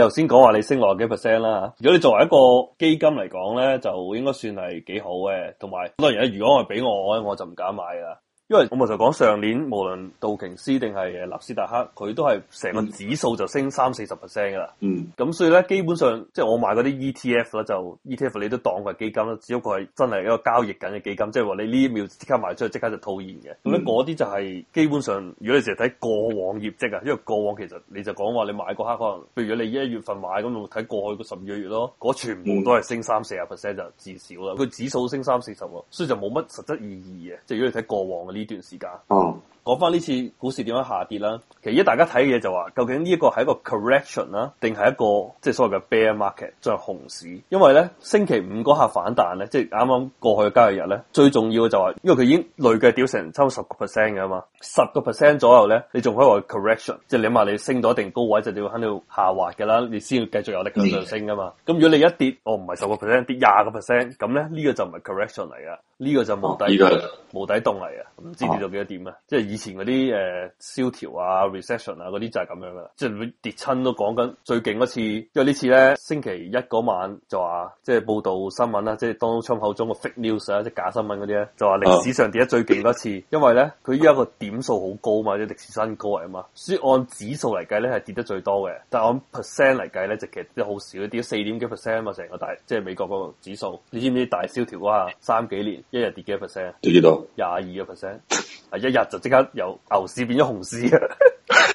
你頭先講話你升落啊幾 percent 啦，如果你作為一個基金嚟講咧，就應該算係幾好嘅，同埋當然，嘢。如果我俾我咧，我就唔敢買啦。因為我咪就講上年，無論道瓊斯定係納斯達克，佢都係成個指數就升三四十 percent 噶啦。咁、嗯、所以咧，基本上即係我買嗰啲 ETF 咧，就 ETF 你都當佢基金啦，只不過係真係一個交易緊嘅基金，即係話你呢一秒即刻賣出去，即刻就套現嘅。咁咧、嗯，嗰啲就係、是、基本上，如果你成日睇過往業績啊，因為過往其實你就講話你買嗰刻可能，譬如果你一月份買咁，你睇過去個十二個月咯，嗰全部都係升三四十 percent 就至少啦，佢指數升三四十喎，所以就冇乜實質意義嘅。即係如果你睇過往呢段時間，講翻呢次股市點樣下跌啦，其實一大家睇嘅嘢就話，究竟呢一個係一個 correction 啦，定係一個即係所謂嘅 bear market，即係熊市。因為咧星期五嗰下反彈咧，即係啱啱過去嘅交易日咧，最重要嘅就係因為佢已經累計跌成差唔多十個 percent 嘅嘛，十個 percent 左右咧，你仲可以話 correction，即係你諗下你升到一定高位就要喺度下滑嘅啦，你先要繼續有力向上升噶嘛。咁 Yeah. 如果你一跌，哦唔係十個 percent 跌廿個 percent，咁咧呢、呢個就唔係 correction 嚟噶。呢個就冇底，啊、無底洞嚟啊！唔知跌到幾多點啊？啊，即係以前嗰啲誒蕭條啊、recession 啊嗰啲就係咁樣啦。即係會跌親都講緊最勁嗰次，因為次呢次咧星期一嗰晚就話即係報導新聞啦，即係 Donald Trump 口中嘅 fake news 啊，即係假新聞嗰啲咧就話歷史上跌得最勁嗰次，因為咧佢依家個點數好高嘛，即係歷史新高啊嘛。所以按指數嚟計咧係跌得最多嘅，但係按 percent 嚟計咧，其實都好少跌咗四點幾 percent 啊，成個大即係、就是、美國個指數。你知唔知大蕭條啊？三幾年？一日跌幾多 percent？跌幾多？廿二個 percent，啊！ 一日就即刻由牛市變咗熊市啊！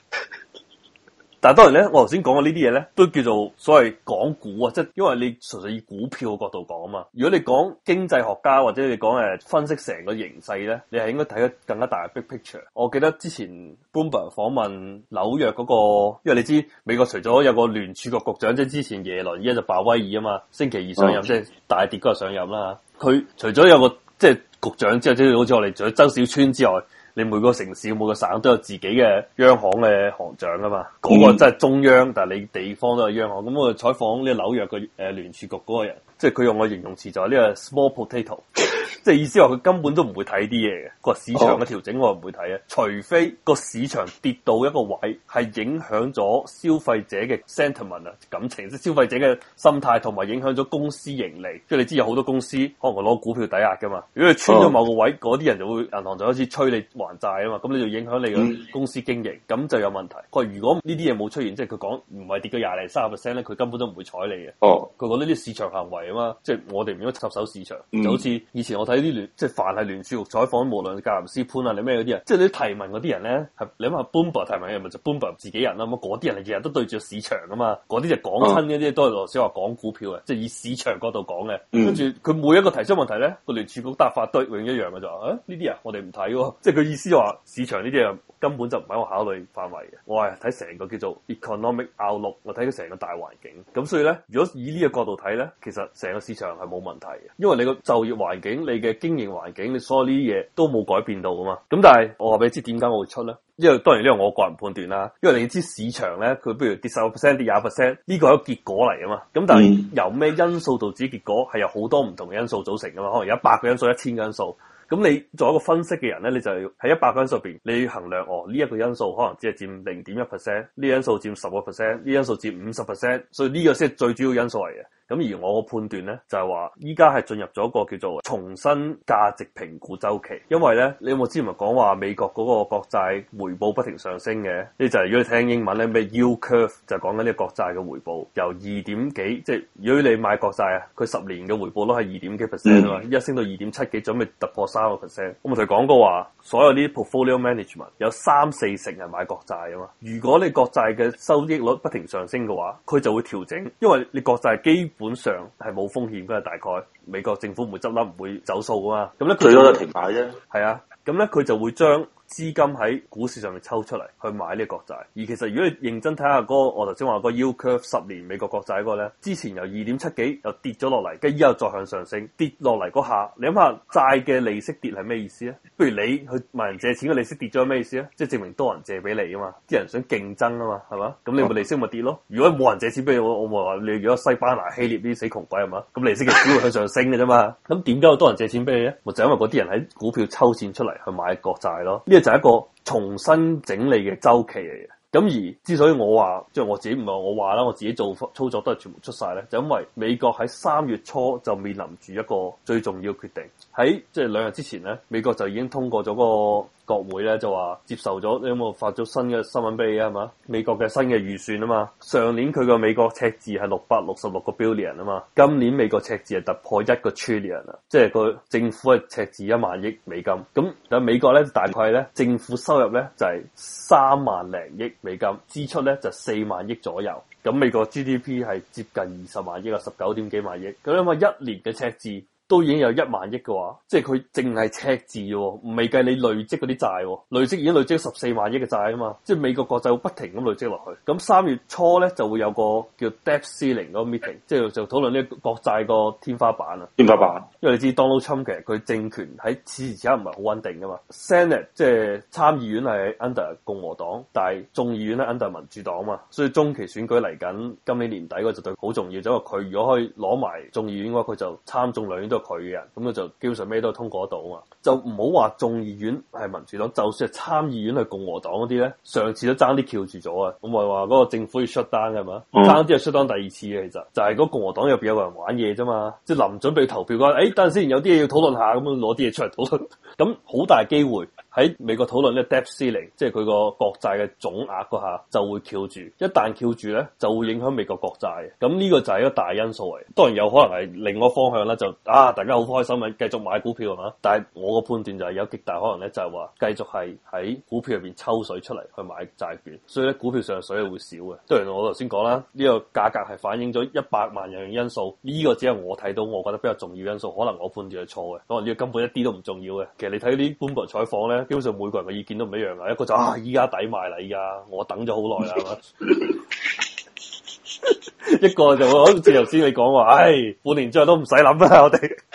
但係當然咧，我頭先講嘅呢啲嘢咧，都叫做所謂講股啊，即係因為你純粹以股票角度講啊嘛。如果你講經濟學家或者你講誒分析成個形勢咧，你係應該睇得更加大嘅 big picture。我記得之前 Bloomberg 訪問紐約嗰個，因為你知美國除咗有個聯儲局局長，即係之前耶倫，而家就鮑威爾啊嘛，星期二上任、嗯、即係大跌嗰日上任啦。佢除咗有個即係局長，之後，即、就、係、是、好似我哋除咗周小川之外，你每個城市、每個省都有自己嘅央行嘅行長啊嘛。嗰、那個真係中央，但係你地方都係央行。咁我哋採訪呢紐約嘅誒、呃、聯儲局嗰個人，即係佢用嘅形容詞就係呢個 small potato。即係意思話佢根本都唔會睇啲嘢嘅，個市場嘅調整我又唔會睇啊，oh. 除非個市場跌到一個位係影響咗消費者嘅 sentiment 啊，感情即係消費者嘅心態，同埋影響咗公司盈利。即係你知有好多公司可能攞股票抵押噶嘛，如果佢穿咗某個位，嗰啲，oh. 人就會銀行就開始催你還債啊嘛，咁你就影響你嘅公司經營，咁，mm. 就有問題。佢話如果呢啲嘢冇出現，即係佢講唔係跌到廿零、卅 percent 咧，佢根本都唔會睬你嘅。哦，佢講呢啲市場行為啊嘛，即係我哋唔應該插手市場，mm. 就好似以前。我睇啲聯即係凡係聯儲局採訪，無論格林斯潘啊你咩嗰啲人，即係你提問嗰啲人咧，係你諗下 Bloomberg 提問嘅咪就係 Bloomberg 自己人啦。咁嗰啲人係日日都對住市場啊嘛，嗰啲就講親嗰啲都係羅小華講股票嘅，即係以市場嗰度講嘅。跟住佢每一個提出問題咧，個聯儲局答法都永遠一樣嘅，就話啊呢啲啊，我哋唔睇喎，即係佢意思話市場呢啲啊。根本就唔喺我考慮範圍嘅，我係睇成個叫做 economic outlook，我睇佢成個大環境。咁所以咧，如果以呢個角度睇咧，其實成個市場係冇問題嘅，因為你個就業環境、你嘅經營環境、你所有呢啲嘢都冇改變到噶嘛。咁但係我話俾你知點解我會出咧？因為當然呢個我個人判斷啦。因為你知市場咧，佢不如跌十個 percent、跌廿 percent，呢個係一個結果嚟噶嘛。咁但係由咩因素導致結果係由好多唔同嘅因素組成噶嘛。可能有一百個因素、一千個因素。咁你做一個分析嘅人咧，你就係喺一百因素入邊，你要衡量哦呢一、這個因素可能只係佔零點一 percent，呢因素佔十、這個 percent，呢因素佔五十 percent，所以呢個先係最主要因素嚟嘅。咁而我嘅判斷咧，就係話依家係進入咗一個叫做重新價值評估周期，因為咧你有冇之前咪講話美國嗰個國債回報不停上升嘅？你就係、是、如果你聽英文咧，咩 Yield Curve 就講緊呢個國債嘅回報由二點幾，即、就、係、是、如果你買國債啊，佢十年嘅回報都係二點幾 percent 啊嘛，mm hmm. 一升到二點七幾，準備突破。三個 percent，我咪同講過話，所有呢啲 portfolio management 有三四成係買國債啊嘛。如果你國債嘅收益率不停上升嘅話，佢就會調整，因為你國債基本上係冇風險嘅，大概美國政府唔會執笠，唔會走數噶嘛。咁咧佢都停擺啫。係啊，咁咧佢就會將資金喺股市上面抽出嚟去買呢個國債，而其實如果你認真睇下嗰、嗰個我頭先話嗰 U curve 十年美國國債嗰個咧，之前由二點七幾又跌咗落嚟，跟住以後再向上升，跌落嚟嗰下，你諗下債嘅利息跌係咩意思咧？不如你去問人借錢嘅利息跌咗係咩意思咧？即係證明多人借俾你啊嘛，啲人想競爭啊嘛，係嘛？咁你咪利息咪跌咯。如果冇人借錢，俾你我我咪話你，你如果西班牙、希臘啲死窮鬼係嘛，咁利息嘅只會向上升嘅啫嘛。咁點解有多人借錢俾你咧？就係、因為嗰啲人喺股票抽錢出嚟去買國債咯。即係就一個重新整理嘅周期嚟嘅，咁而之所以我話，即係我自己唔係我話啦，我自己做操作都係全部出晒咧，就因為美國喺三月初就面臨住一個最重要嘅決定，喺即係兩日之前咧，美國就已經通過咗個。國會咧就話接受咗，你有冇發咗新嘅新聞俾你啊嘛。美國嘅新嘅預算啊嘛，上年佢個美國赤字係六百六十六個 billion 啊嘛，今年美國赤字係突破一個 trillion 啦，即係個政府嘅赤字一萬億美金。咁但美國咧大概咧政府收入咧就係、是、三萬零億美金，支出咧就四、是、萬億左右。咁美國 GDP 係接近二十萬億啊，十九點幾萬億。咁因為一年嘅赤字都已經有一萬億嘅話，即係佢淨係赤字喎，唔未計你累積嗰啲債，累積已經累積十四萬億嘅債啊嘛！即係美國國債不停咁累積落去。咁三月初咧就會有個叫 debt ceiling 嗰個 meeting，即係就討論呢個國債個天花板啊。天花板，因為你知 Donald Trump 其實佢政權喺此時此刻唔係好穩定噶嘛。Senate 即係參議院係 under 共和黨，但係眾議院咧 under 民主黨嘛，所以中期選舉嚟緊，今年年底嗰就對好重要。因為佢如果可以攞埋眾議院嘅話，佢就參眾兩院佢啊，咁佢就基本上咩都通過到啊嘛，就唔好話眾議院係民主黨，就算係參議院係共和黨嗰啲咧，上次都爭啲翹住咗啊，咁咪話嗰個政府要出單嘅係嘛，爭啲又出單第二次嘅其實，就係、是、嗰共和黨入邊有個人玩嘢啫嘛，即係臨準備投票嗰陣，誒、哎，但係雖然有啲嘢要討論下，咁樣攞啲嘢出嚟討論，咁 好大機會。喺美國討論咧 debt ceiling，即係佢個國債嘅總額嗰下就會翹住，一旦翹住咧就會影響美國國債，咁呢個就係一個大因素嚟。當然有可能係另外方向啦，就啊，大家好開心啊，繼續買股票啊嘛。但係我個判斷就係有極大可能咧，就係話繼續係喺股票入邊抽水出嚟去買債券，所以咧股票上水係會少嘅。當然我頭先講啦，呢個價格係反映咗一百萬樣因素，呢個只係我睇到我覺得比較重要因素，可能我判斷係錯嘅，可能呢個根本一啲都唔重要嘅。其實你睇嗰啲官媒採訪咧。基本上每個人嘅意見都唔一樣啊！一個就啊，依家抵買啦！依家我等咗好耐啦， 一個就好似頭先你講話，唉、哎，半年之後都唔使諗啦，我哋。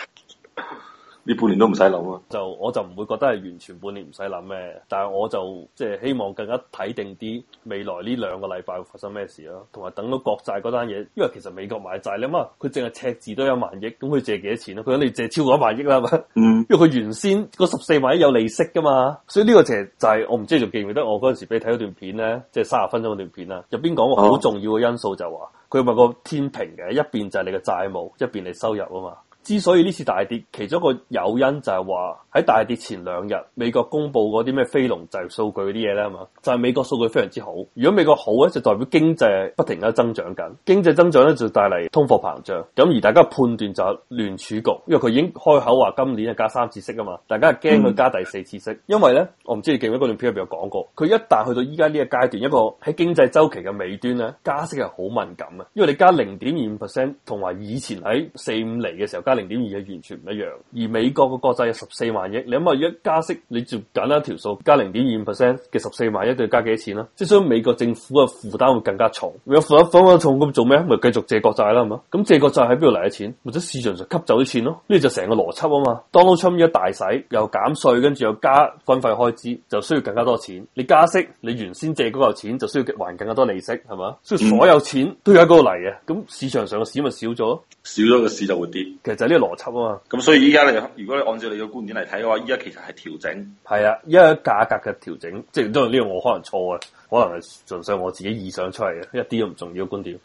半年都唔使諗啊！就我就唔會覺得係完全半年唔使諗咩，但係我就即係、就是、希望更加睇定啲未來呢兩個禮拜會發生咩事咯，同埋等到國債嗰單嘢，因為其實美國買債咧嘛，佢淨係赤字都有萬億，咁佢借幾多錢咧？佢肯定借超過一萬億啦嘛，因為佢原先個十四萬億有利息噶嘛，所以呢個其實我唔知仲記唔記得我嗰陣時俾你睇咗段片咧，即係三十分鐘嗰段片啊，入邊講個好重要嘅因素就話佢咪個天平嘅，一邊就係你嘅債務，一邊你收入啊嘛。之所以呢次大跌，其中一個誘因就係話喺大跌前兩日，美國公布嗰啲咩非農就業數據嗰啲嘢咧，嘛就係美國數據非常之好。如果美國好咧，就代表經濟不停咁增長緊。經濟增長咧就帶嚟通貨膨脹，咁而大家判斷就係聯儲局，因為佢已經開口話今年係加三次息啊嘛，大家係驚佢加第四次息，嗯、因為咧我唔知你記唔記得嗰段片入邊有講過，佢一旦去到依家呢個階段，一個喺經濟周期嘅尾端咧，加息係好敏感啊，因為你加零點二五 percent 同埋以前喺四五厘嘅時候，加零點二係完全唔一樣，而美國嘅國債有十四萬億，你諗下，如果加息，你就簡單一條數，加零點二五 percent 嘅十四萬億，就要加幾錢啦？即係所以美國政府嘅負擔會更加重，有分分重咁做咩？咪繼續借國債啦，係嘛？咁借國債喺邊度嚟嘅錢？或者市場上吸走啲錢咯？呢就成個邏輯啊嘛。Donald Trump 一大洗，又減稅，跟住又加軍費開支，就需要更加多錢。你加息，你原先借嗰嚿錢就需要還更加多利息，係嘛？所以所有錢都要喺嗰度嚟嘅，咁市場上嘅市咪少咗，少咗個市就會跌。就係呢個邏輯啊嘛，咁所以依家你如果你按照你嘅觀點嚟睇嘅話，依家其實係調整。係啊，依家價格嘅調整，即係都係呢個，我可能錯嘅，可能係純粹我自己臆想出嚟嘅，一啲都唔重要嘅觀點。